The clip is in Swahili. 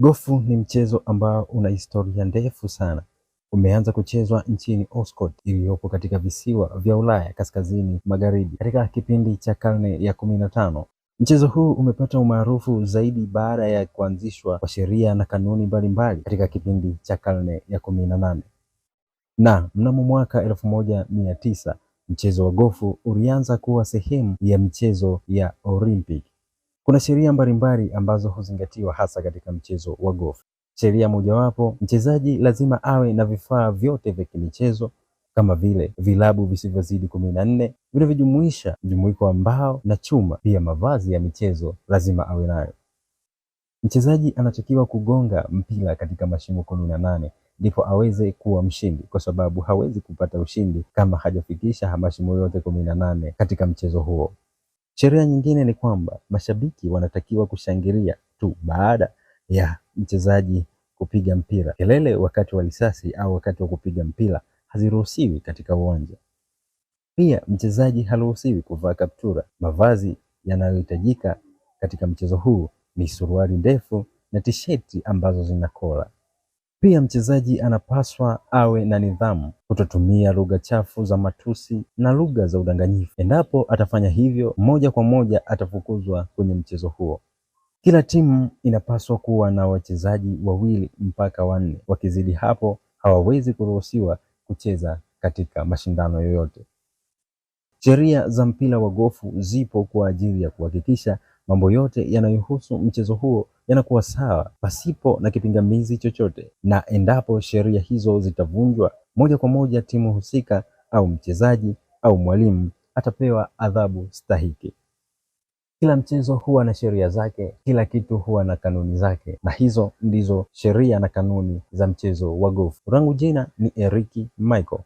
Gofu ni mchezo ambao una historia ndefu sana. Umeanza kuchezwa nchini Oscot iliyopo katika visiwa vya Ulaya kaskazini magharibi katika kipindi cha karne ya kumi na tano. Mchezo huu umepata umaarufu zaidi baada ya kuanzishwa kwa sheria na kanuni mbalimbali katika kipindi cha karne ya kumi na nane na mnamo mwaka elfu moja mia tisa mchezo wa gofu ulianza kuwa sehemu ya michezo ya Olympic kuna sheria mbalimbali ambazo huzingatiwa hasa katika mchezo wa golf. Sheria mojawapo, mchezaji lazima awe na vifaa vyote vya kimichezo kama vile vilabu visivyozidi kumi na nne vinavyojumuisha mjumuiko wa mbao na chuma. Pia mavazi ya michezo lazima awe nayo. Mchezaji anatakiwa kugonga mpira katika mashimo kumi na nane ndipo aweze kuwa mshindi, kwa sababu hawezi kupata ushindi kama hajafikisha mashimo yote kumi na nane katika mchezo huo. Sheria nyingine ni kwamba mashabiki wanatakiwa kushangilia tu baada ya mchezaji kupiga mpira. Kelele wakati wa risasi au wakati wa kupiga mpira haziruhusiwi katika uwanja. Pia mchezaji haruhusiwi kuvaa kaptura. Mavazi yanayohitajika katika mchezo huu ni suruali ndefu na tisheti ambazo zina kola. Pia mchezaji anapaswa awe na nidhamu, kutotumia lugha chafu za matusi na lugha za udanganyifu. Endapo atafanya hivyo, moja kwa moja atafukuzwa kwenye mchezo huo. Kila timu inapaswa kuwa na wachezaji wawili mpaka wanne, wakizidi hapo hawawezi kuruhusiwa kucheza katika mashindano yoyote. Sheria za mpira wa gofu zipo kwa ajili ya kuhakikisha mambo yote yanayohusu mchezo huo yanakuwa sawa pasipo na kipingamizi chochote, na endapo sheria hizo zitavunjwa, moja kwa moja timu husika au mchezaji au mwalimu atapewa adhabu stahiki. Kila mchezo huwa na sheria zake, kila kitu huwa na kanuni zake, na hizo ndizo sheria na kanuni za mchezo wa gofu. Rangu jina ni Eriki Michael.